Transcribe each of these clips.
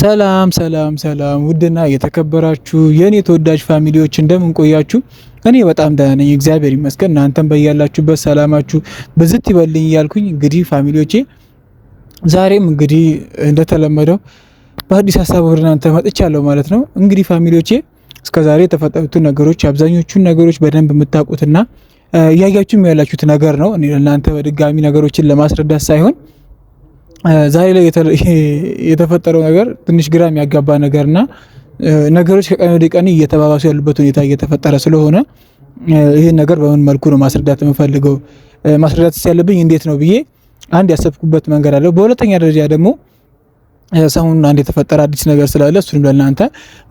ሰላም ሰላም ሰላም ውድና የተከበራችሁ የእኔ ተወዳጅ ፋሚሊዎች እንደምን ቆያችሁ? እኔ በጣም ደህና ነኝ፣ እግዚአብሔር ይመስገን። እናንተም በያላችሁበት ሰላማችሁ ብዝት ይበልኝ እያልኩኝ እንግዲህ ፋሚሊዎቼ ዛሬም እንግዲህ እንደተለመደው በአዲስ ሀሳብ ወደ እናንተ መጥቻለሁ ማለት ነው። እንግዲህ ፋሚሊዎቼ እስከዛሬ የተፈጠሩትን ነገሮች አብዛኞቹን ነገሮች በደንብ የምታውቁትና እያያችሁም ያላችሁት ነገር ነው። እኔ ለእናንተ በድጋሚ ነገሮችን ለማስረዳት ሳይሆን ዛሬ ላይ የተፈጠረው ነገር ትንሽ ግራ የሚያጋባ እና ነገሮች ከቀን ወደ ቀን እየተባባሱ ያሉበት ሁኔታ እየተፈጠረ ስለሆነ ይህን ነገር በምን መልኩ ነው ማስረዳት የምፈልገው? ማስረዳትስ ያለብኝ እንዴት ነው ብዬ አንድ ያሰብኩበት መንገድ አለው። በሁለተኛ ደረጃ ደግሞ ሰሞኑን አንድ የተፈጠረ አዲስ ነገር ስላለ እሱንም ለእናንተ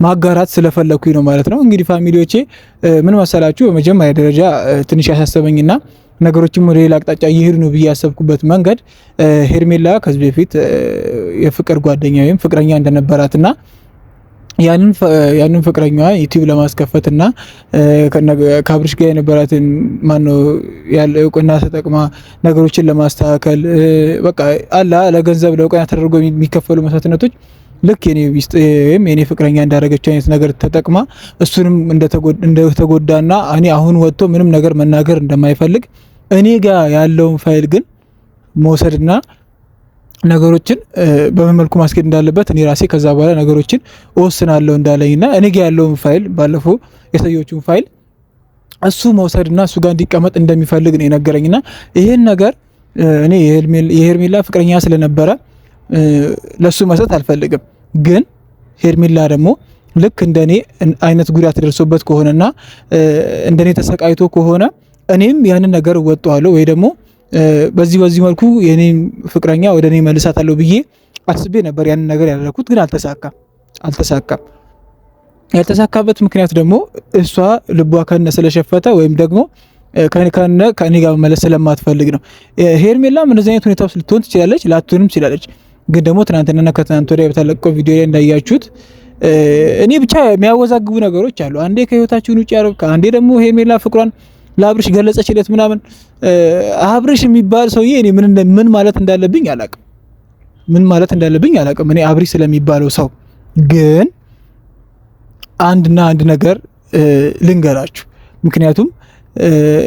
ማጋራት ስለፈለግኩኝ ነው ማለት ነው። እንግዲህ ፋሚሊዎቼ ምን መሰላችሁ፣ በመጀመሪያ ደረጃ ትንሽ ያሳሰበኝና ነገሮችም ወደ ሌላ አቅጣጫ እየሄዱ ነው ብዬ ያሰብኩበት መንገድ ሄርሜላ ከዚህ በፊት የፍቅር ጓደኛ ወይም ፍቅረኛ እንደነበራትና ያንን ፍቅረኛ ዩቲዩብ ለማስከፈት እና ከአብርሽ ጋር የነበራትን ማነው ያለ እውቅና ተጠቅማ ነገሮችን ለማስተካከል በቃ አላ ለገንዘብ ለእውቅና ተደርጎ የሚከፈሉ መስዋዕትነቶች ልክ የኔ ሚስት ወይም የኔ ፍቅረኛ እንዳደረገችው አይነት ነገር ተጠቅማ እሱንም እንደተጎዳና እኔ አሁን ወጥቶ ምንም ነገር መናገር እንደማይፈልግ እኔ ጋር ያለውን ፋይል ግን መውሰድና ነገሮችን በምን መልኩ ማስኬድ እንዳለበት እኔ ራሴ ከዛ በኋላ ነገሮችን እወስናለሁ እንዳለኝና እኔ ጋር ያለውን ፋይል ባለፈው የሰዎቹን ፋይል እሱ መውሰድና እሱ ጋር እንዲቀመጥ እንደሚፈልግ ነው የነገረኝና ይህን ነገር እኔ የሄርሜላ ፍቅረኛ ስለነበረ ለሱ መስጠት አልፈልግም። ግን ሄርሜላ ደግሞ ልክ እንደኔ አይነት ጉዳት ደርሶበት ከሆነና እንደኔ ተሰቃይቶ ከሆነ እኔም ያንን ነገር እወጣዋለሁ ወይ ደግሞ በዚህ በዚህ መልኩ የኔም ፍቅረኛ ወደ እኔ መልሳታለሁ ብዬ አስቤ ነበር ያንን ነገር ያደረኩት፣ ግን አልተሳካም አልተሳካም። ያልተሳካበት ምክንያት ደግሞ እሷ ልቧ ከነ ስለሸፈተ ወይም ደግሞ ከነ ከእኔ ጋር መመለስ ስለማትፈልግ ነው። ሄርሜላም እንደዚህ አይነት ሁኔታ ውስጥ ልትሆን ትችላለች፣ ላትሆንም ትችላለች። ግን ደግሞ ትናንትናና ከትናንት ወዲያ በተለቀው ቪዲዮ ላይ እንዳያችሁት እኔ ብቻ የሚያወዛግቡ ነገሮች አሉ። አንዴ ከህይወታችሁን ውጭ ያደረግ አንዴ ደግሞ ሄርሜላ ፍቅሯን ለአብርሽ ገለጸችለት ምናምን። አብርሽ የሚባል ሰውዬ እኔ ምን ምን ማለት እንዳለብኝ አላቅም፣ ምን ማለት እንዳለብኝ አላቅም። እኔ አብርሽ ስለሚባለው ሰው ግን አንድና አንድ ነገር ልንገራችሁ። ምክንያቱም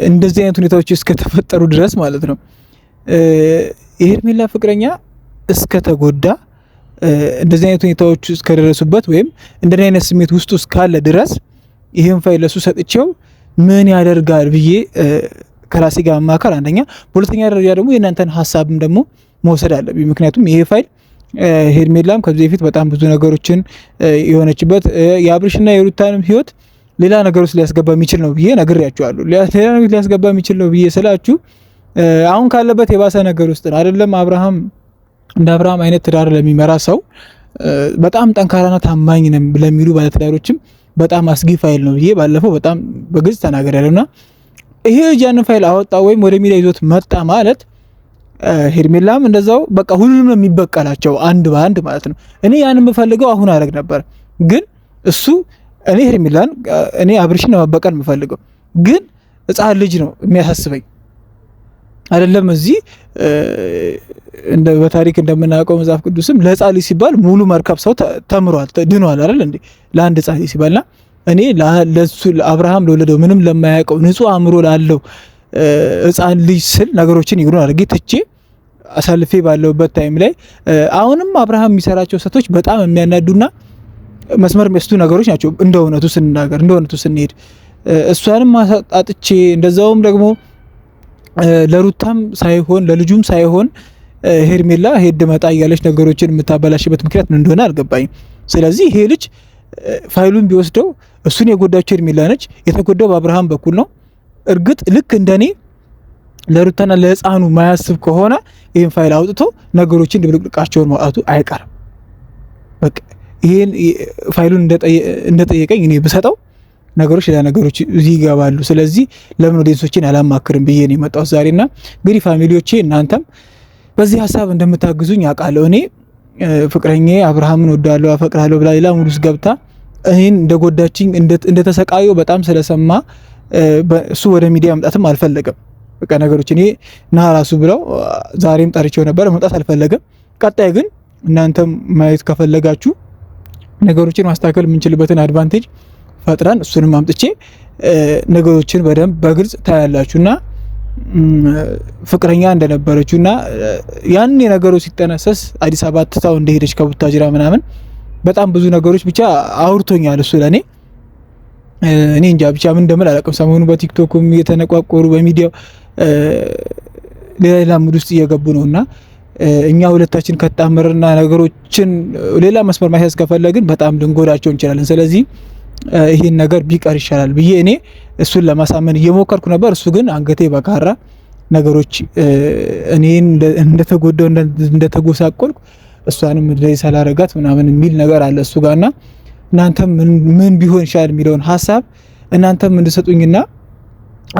እንደዚህ አይነት ሁኔታዎች እስከተፈጠሩ ድረስ ማለት ነው የሄርሜላ ፍቅረኛ እስከተጎዳ እንደዚህ አይነት ሁኔታዎች እስከደረሱበት ወይም እንደዚህ አይነት ስሜት ውስጡ እስካለ ድረስ ይህን ፋይል ለሱ ሰጥቼው ምን ያደርጋል ብዬ ከራሴ ጋር መማከር አንደኛ፣ በሁለተኛ ደረጃ ደግሞ የእናንተን ሀሳብም ደግሞ መውሰድ አለብኝ። ምክንያቱም ይሄ ፋይል ሄርሜላም ከዚህ በፊት በጣም ብዙ ነገሮችን የሆነችበት የአብርሽና የሩታንም ህይወት ሌላ ነገር ውስጥ ሊያስገባ የሚችል ነው ብዬ ነግሬያችኋለሁ። ሌላ ነገር ሊያስገባ የሚችል ነው ብዬ ስላችሁ አሁን ካለበት የባሰ ነገር ውስጥ ነው። አይደለም አብርሃም እንደ አብርሃም አይነት ትዳር ለሚመራ ሰው በጣም ጠንካራና ታማኝ ለሚሉ ባለትዳሮችም በጣም አስጊ ፋይል ነው ብዬ ባለፈው በጣም በግልጽ ተናገር ያለውና ይሄ ልጅ ያንን ፋይል አወጣ ወይም ወደ ሚዲያ ይዞት መጣ ማለት ሄርሜላም እንደዛው በቃ ሁሉንም ነው የሚበቀላቸው አንድ በአንድ ማለት ነው። እኔ ያን የምፈልገው አሁን አረግ ነበር፣ ግን እሱ እኔ ሄርሜላን እኔ አብርሽን ለመበቀል የምፈልገው ግን ሕፃን ልጅ ነው የሚያሳስበኝ። አይደለም እዚህ እንደ በታሪክ እንደምናውቀው መጽሐፍ ቅዱስም ለሕፃን ልጅ ሲባል ሙሉ መርከብ ሰው ተምሯል ድኗል አይደል እንዴ ለአንድ ሕፃን ልጅ ሲባልና እኔ ለሱ አብርሃም ለወለደው ምንም ለማያውቀው ንጹህ አእምሮ ላለው ህፃን ልጅ ስል ነገሮችን ይግሩን አድርጌ ትቼ አሳልፌ ባለውበት ታይም ላይ አሁንም አብርሃም የሚሰራቸው ሰቶች በጣም የሚያናዱና መስመር የሚያስቱ ነገሮች ናቸው። እንደ እውነቱ ስንናገር እንደ እውነቱ ስንሄድ እሷንም አጥቼ እንደዛውም ደግሞ ለሩታም ሳይሆን ለልጁም ሳይሆን ሄርሜላ ሄድ መጣ እያለች ነገሮችን የምታበላሽበት ምክንያት ምን እንደሆነ አልገባኝም። ስለዚህ ይሄ ልጅ ፋይሉን ቢወስደው እሱን የጎዳቸው ሄርሜላ ነች። የተጎዳው በአብርሃም በኩል ነው። እርግጥ ልክ እንደኔ ለሩታና ለህፃኑ ማያስብ ከሆነ ይህን ፋይል አውጥቶ ነገሮችን ድብልቅልቃቸውን ማውጣቱ አይቀርም። በቃ ይህን ፋይሉን እንደጠየቀኝ እኔ ብሰጠው ነገሮች ለነገሮች እዚህ ይገባሉ። ስለዚህ ለምን ወደሶችን አላማክርም ብዬ ነው የመጣሁት ዛሬ እና እንግዲህ ፋሚሊዎቼ እናንተም በዚህ ሀሳብ እንደምታግዙኝ አውቃለሁ። እኔ ፍቅረኛ አብርሃምን ወዳለሁ አፈቅራለሁ ብላ ሌላ ሙሉስ ገብታ እኔን እንደጎዳችኝ እንደተሰቃየው በጣም ስለሰማ እሱ ወደ ሚዲያ መምጣትም አልፈለገም። በቃ ነገሮች እኔ ና ራሱ ብለው ዛሬም ጠርቼው ነበር፣ መምጣት አልፈለገም። ቀጣይ ግን እናንተም ማየት ከፈለጋችሁ ነገሮችን ማስተካከል የምንችልበትን አድቫንቴጅ ፈጥረን እሱንም አምጥቼ ነገሮችን በደንብ በግልጽ ታያላችሁና ፍቅረኛ እንደነበረችውና እና ያኔ ነገሩ ሲጠነሰስ አዲስ አበባ ትታው እንደሄደች ከቡታጅራ ምናምን በጣም ብዙ ነገሮች ብቻ አውርቶኛል። እሱ ለእኔ እኔ እንጃ ብቻ ምን እንደምል አላውቅም። ሰሞኑ በቲክቶክም እየተነቋቆሩ በሚዲያው ሌላ ሌላ ሙድ ውስጥ እየገቡ ነው እና እኛ ሁለታችን ከጣምርና ነገሮችን ሌላ መስመር ማስያዝ ከፈለግን በጣም ልንጎዳቸው እንችላለን። ስለዚህ ይህን ነገር ቢቀር ይሻላል ብዬ እኔ እሱን ለማሳመን እየሞከርኩ ነበር። እሱ ግን አንገቴ በቃራ ነገሮች እኔን እንደተጎደው እንደተጎሳቆልኩ እሷንም እንደዚህ ሳላረጋት ምናምን የሚል ነገር አለ እሱ ጋርና እናንተም ምን ቢሆን ይሻላል የሚለውን ሀሳብ እናንተም እንድሰጡኝና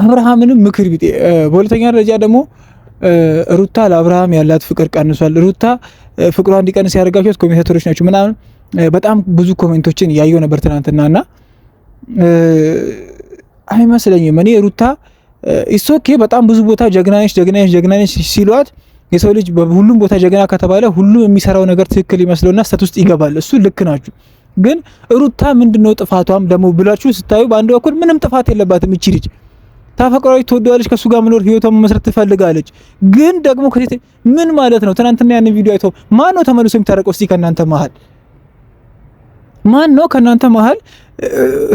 አብርሃምንም ምክር ቢጤ። በሁለተኛ ደረጃ ደግሞ ሩታ ለአብርሃም ያላት ፍቅር ቀንሷል። ሩታ ፍቅሯ እንዲቀንስ ያደርጋችሁት ኮሜንታተሮች ናቸው ምናምን በጣም ብዙ ኮሜንቶችን እያየው ነበር ትናንትና እና አይመስለኝም እኔ ሩታ ኢሶኬ በጣም ብዙ ቦታ ጀግናነች ጀግናነች ጀግናነች ሲሏት የሰው ልጅ በሁሉም ቦታ ጀግና ከተባለ ሁሉም የሚሰራው ነገር ትክክል ይመስለውና ስተት ውስጥ ይገባል። እሱ ልክ ናችሁ። ግን ሩታ ምንድነው ጥፋቷም ደግሞ ብላችሁ ስታዩ በአንድ በኩል ምንም ጥፋት የለባትም። እቺ ልጅ ታፈቅራዊ ትወደዋለች፣ ከእሱ ጋር መኖር ህይወቷን መመስረት ትፈልጋለች። ግን ደግሞ ከሴት ምን ማለት ነው? ትናንትና ያንን ቪዲዮ አይቶ ማን ነው ተመልሶ የሚታረቀው? እስቲ ከእናንተ መሀል ማን ነው ከእናንተ መሀል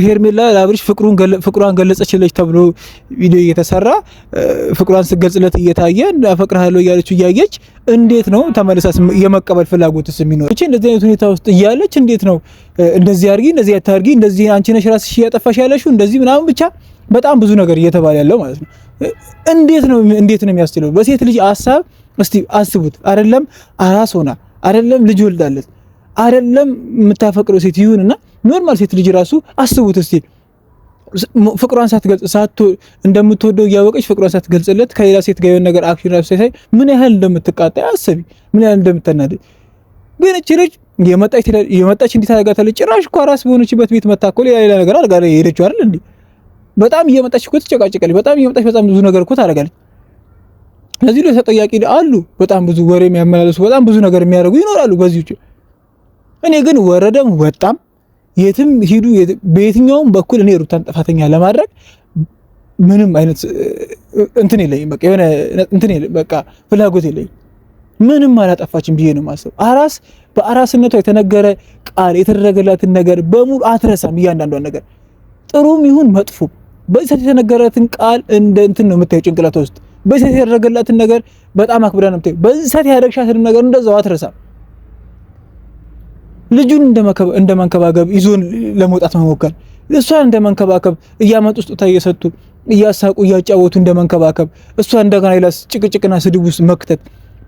ሄርሜላ ለአብርሽ ፍቅሯን ገለጸችለች ተብሎ ቪዲዮ እየተሰራ ፍቅሯን ስገልጽለት እየታየ አፈቅርሃለሁ እያለች እያየች እንዴት ነው ተመልሳ የመቀበል ፍላጎትስ የሚኖር? እቺ እንደዚህ አይነት ሁኔታ ውስጥ እያለች እንዴት ነው እንደዚህ አድርጊ፣ እንደዚህ አታድርጊ፣ እንደዚህ አንቺ ነሽ ራስሽ እያጠፋሽ ያለሽው እንደዚህ ምናምን ብቻ በጣም ብዙ ነገር እየተባለ ያለው ማለት ነው። እንዴት ነው እንዴት ነው የሚያስችለው? በሴት ልጅ ሀሳብ እስቲ አስቡት። አይደለም አራስ ሆና አይደለም ልጅ ወልዳለች አይደለም የምታፈቅረው ሴት ይሁንና ኖርማል ሴት ልጅ ራሱ አስቡት እስቲ ፍቅሯን ሳትገልጽ ሳት እንደምትወደው እያወቀች ፍቅሯን ሳትገልጽለት ከሌላ ሴት ጋር የሆነ ነገር አክሽን ራሱ ሳይሳይ ምን ያህል እንደምትቃጣ አስቢ፣ ምን ያህል እንደምትናደድ። ግን እቺ ልጅ የመጣች እንዴት አደርጋታለች? ጭራሽ እኮ ራስ በሆነችበት ቤት መታ እኮ ሌላ ሌላ ነገር አድርጋ ሄደችው አይደል እንዴ? በጣም እየመጣች እኮ ትጨቃጨቃለች። በጣም እየመጣች በጣም ብዙ ነገር እኮ ታደርጋለች። ለዚህ ተጠያቂ አሉ። በጣም ብዙ ወሬ የሚያመላለሱ በጣም ብዙ ነገር የሚያደርጉ ይኖራሉ። በዚህ ውጭ እኔ ግን ወረደም ወጣም የትም ሂዱ በየትኛውም በኩል እኔ ሩታን ጥፋተኛ ለማድረግ ምንም አይነት እንትን የለኝም። በቃ የሆነ እንትን የለኝም። በቃ ፍላጎት የለኝም። ምንም አላጠፋችም ብዬ ነው ማሰብ። አራስ በአራስነቷ የተነገረ ቃል የተደረገላትን ነገር በሙሉ አትረሳም። እያንዳንዷን ነገር ጥሩም ይሁን መጥፎ በዚህ የተነገረትን ቃል እንደ እንትን ነው የምታየው ጭንቅላት ውስጥ። በዚህ ሰዓት የተደረገላትን ነገር በጣም አክብዳ ነው የምታየው። በዚህ ሰዓት ያደረግሻትን ነገር እንደዛው አትረሳም። ልጁን እንደ መንከባከብ ይዞን ለመውጣት መሞከር፣ እሷን እንደ መንከባከብ እያመጡ ስጦታ እየሰጡ እያሳቁ እያጫወቱ እንደ መንከባከብ እሷ እንደገና ሌላ ጭቅጭቅና ስድብ ውስጥ መክተት፣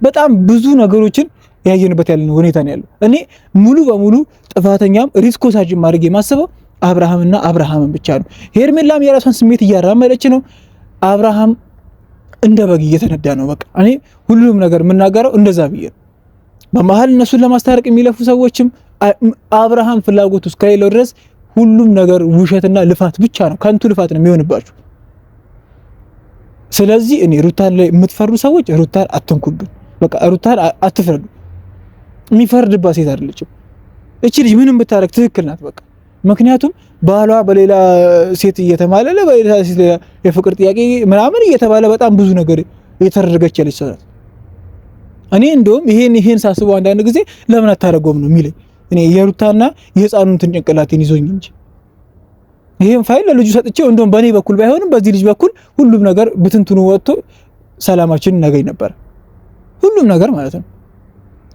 በጣም ብዙ ነገሮችን ያየንበት ያለ ሁኔታ ነው ያለው። እኔ ሙሉ በሙሉ ጥፋተኛም ሪስክ ማድረግ የማስበው አብርሃምና አብርሃምን ብቻ ነው። ሄርሜላም የራሷን ስሜት እያራመደች ነው። አብርሃም እንደ በግ እየተነዳ ነው። በቃ እኔ ሁሉም ነገር የምናገረው እንደዛ ብዬ ነው። በመሀል እነሱን ለማስታረቅ የሚለፉ ሰዎችም አብርሃም ፍላጎት ውስጥ ከሌለው ድረስ ሁሉም ነገር ውሸትና ልፋት ብቻ ነው፣ ከንቱ ልፋት ነው የሚሆንባችሁ። ስለዚህ እኔ ሩታን ላይ የምትፈሩ ሰዎች ሩታን አትንኩብን፣ በቃ ሩታን አትፍረዱ። የሚፈርድባት ሴት አይደለችም እቺ ልጅ። ምንም ብታረግ ትክክል ናት በቃ ምክንያቱም ባሏ በሌላ ሴት እየተማለለ በሌላ ሴት የፍቅር ጥያቄ ምናምን እየተባለ በጣም ብዙ ነገር እየተደረገች ያለች ሰው ናት። እኔ እንደውም ይሄን ይሄን ሳስበው አንዳንድ ጊዜ ለምን አታደርገውም ነው የሚለኝ። እኔ የሩታና የህፃኑንትን ጭንቅላቴን ይዞኝ እንጂ ይህም ፋይል ለልጁ ሰጥቼው እንደውም በእኔ በኩል ባይሆንም በዚህ ልጅ በኩል ሁሉም ነገር ብትንትኑ ወጥቶ ሰላማችን እናገኝ ነበር። ሁሉም ነገር ማለት ነው።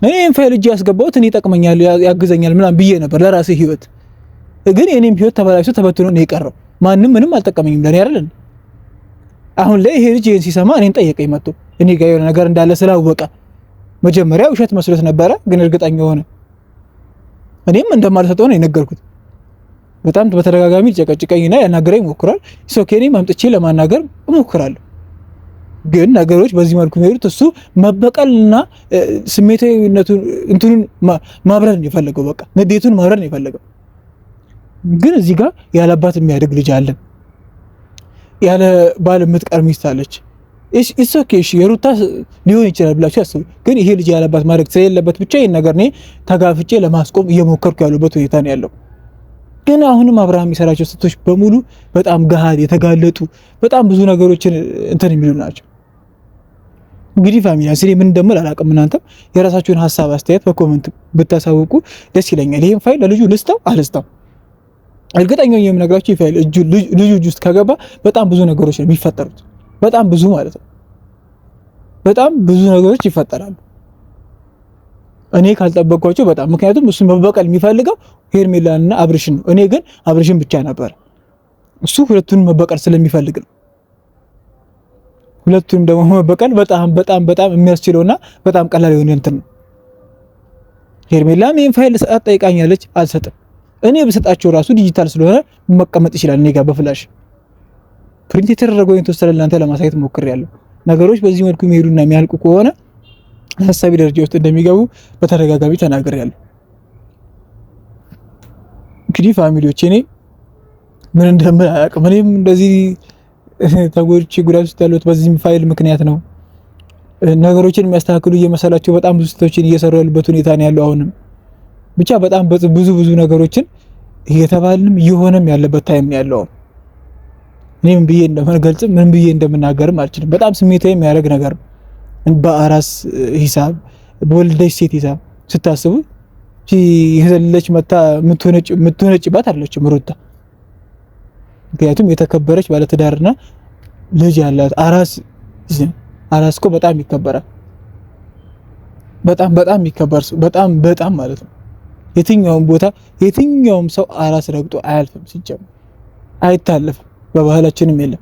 እኔ ይህን ፋይል እጅ ያስገባሁት እኔ ይጠቅመኛል፣ ያግዘኛል ምናምን ብዬ ነበር ለራሴ ህይወት። ግን የኔም ህይወት ተበላሽቶ ተበትኖ ነው የቀረው። ማንም ምንም አልጠቀመኝም ለእኔ አይደለን። አሁን ላይ ይሄ ልጅ ይህን ሲሰማ እኔን ጠየቀኝ መጥቶ እኔ ጋር የሆነ ነገር እንዳለ ስላወቀ መጀመሪያ ውሸት መስሎት ነበረ፣ ግን እርግጠኛ ሆነ። እኔም እንደማልሰጠው ነው የነገርኩት። በጣም በተደጋጋሚ ጨቀጭቀኝና ያናገረኝ ይሞክራል። ሶኬኔም ማምጥቼ ለማናገር እሞክራለሁ። ግን ነገሮች በዚህ መልኩ የሚሄዱት እሱ መበቀልና ስሜታዊነቱን እንትኑን ማብረድ ነው የፈለገው። በቃ ንዴቱን ማብረድ ነው የፈለገው። ግን እዚህ ጋር ያለ አባት የሚያድግ ልጅ አለን። ያለ ባል የምትቀር ሚስት አለች። ኢስ የሩታ ሊሆን ይችላል ብላችሁ ያስቡ። ግን ይሄ ልጅ ያለባት ማድረግ ስለሌለበት ብቻ ይሄን ነገር እኔ ተጋፍጬ ለማስቆም እየሞከርኩ ያሉበት ሁኔታ ነው ያለው። ግን አሁንም አብርሃም የሚሰራቸው ስህተቶች በሙሉ በጣም ገሃድ የተጋለጡ በጣም ብዙ ነገሮችን እንትን የሚሉ ናቸው። እንግዲህ ፋሚሊያ ስለ ምን እንደምል አላውቅም። እናንተም የራሳችሁን ሀሳብ አስተያየት በኮመንት ብታሳውቁ ደስ ይለኛል። ይህም ፋይል ለልጁ ልስጠው አልስጠው እርግጠኛ የምነግራቸው ልጁ ልጁ ውስጥ ከገባ በጣም ብዙ ነገሮች ነው የሚፈጠሩት። በጣም ብዙ ማለት ነው። በጣም ብዙ ነገሮች ይፈጠራሉ እኔ ካልጠበቅኳቸው በጣም ምክንያቱም እሱን መበቀል የሚፈልገው ሄርሜላንና አብርሽን ነው። እኔ ግን አብርሽን ብቻ ነበር። እሱ ሁለቱንም መበቀል ስለሚፈልግ ነው። ሁለቱንም ደግሞ መበቀል በጣም በጣም በጣም የሚያስችለውና በጣም ቀላል የሆነ እንትን ነው። ሄርሜላም ይህን ፋይል ሰጣት ጠይቃኛለች፣ አልሰጥም። እኔ ብሰጣቸው ራሱ ዲጂታል ስለሆነ መቀመጥ ይችላል እኔ ጋር በፍላሽ ፕሪንት የተደረገው የተወሰደ እናንተ ለማሳየት ሞክሬያለሁ። ነገሮች በዚህ መልኩ የሚሄዱና የሚያልቁ ከሆነ ሀሳቢ ደረጃ ውስጥ እንደሚገቡ በተደጋጋሚ ተናግሬያለሁ። እንግዲህ ፋሚሊዎች እኔ ምን እንደማያውቅም እኔም እንደዚህ ተጎድቼ ጉዳት ውስጥ ያለሁት በዚህም ፋይል ምክንያት ነው። ነገሮችን የሚያስተካክሉ እየመሰላቸው በጣም ብዙ ስህተቶችን እየሰሩ ያሉበት ሁኔታ ነው ያለው። አሁንም ብቻ በጣም ብዙ ብዙ ነገሮችን እየተባልንም እየሆነም ያለበት ታይም ነው ያለው። ምንም ብዬ እንደምገልጽም ምንም ብዬ እንደምናገርም አልችልም። በጣም ስሜታዊ የሚያደርግ ነገር ነው። በአራስ ሂሳብ በወለደች ሴት ሂሳብ ስታስቡ የዘለች መታ የምትወነጭባት አለችም ሩታ። ምክንያቱም የተከበረች ባለትዳርና ልጅ ያላት አራስ አራስ እኮ በጣም ይከበራል። በጣም በጣም ይከበር ሰው በጣም በጣም ማለት ነው። የትኛውም ቦታ የትኛውም ሰው አራስ ረግጦ አያልፍም። ሲጀምር አይታለፍም። በባህላችንም የለም።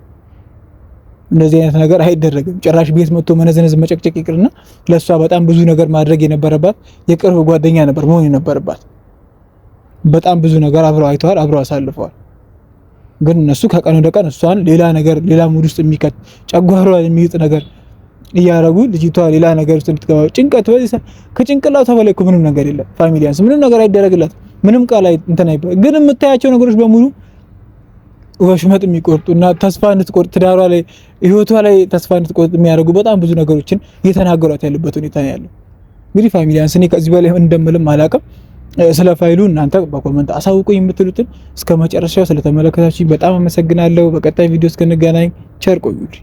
እንደዚህ አይነት ነገር አይደረግም። ጭራሽ ቤት መጥቶ መነዘነዝ መጨቅጨቅ ይቅርና ለእሷ በጣም ብዙ ነገር ማድረግ የነበረባት የቅርብ ጓደኛ ነበር መሆን የነበረባት። በጣም ብዙ ነገር አብረው አይተዋል፣ አብረው አሳልፈዋል። ግን እነሱ ከቀን ወደ ቀን እሷን ሌላ ነገር ሌላ ሙድ ውስጥ የሚከት ጨጓሯን የሚይጥ ነገር እያደረጉ ልጅቷ ሌላ ነገር ውስጥ እንድትገባ ጭንቀት በዚህ ከጭንቅላቷ በላይ እኮ ምንም ነገር የለም። ፋሚሊያንስ ምንም ነገር አይደረግላት፣ ምንም ቃል እንትን አይባል። ግን የምታያቸው ነገሮች በሙሉ ወሽመጥ የሚቆርጡና ተስፋ እንድትቆርጥ ትዳሯ ላይ ህይወቷ ላይ ተስፋ እንድትቆርጥ የሚያደርጉ በጣም ብዙ ነገሮችን እየተናገሯት ያለበት ሁኔታ ነው ያለው። እንግዲህ ፋሚሊያንስ እኔ ከዚህ በላይ እንደምልም አላውቅም። ስለ ፋይሉ እናንተ በኮመንት አሳውቁኝ የምትሉትን እስከ መጨረሻው ስለተመለከታችሁ በጣም አመሰግናለሁ። በቀጣይ ቪዲዮ እስክንገናኝ ቸር ቆዩልኝ።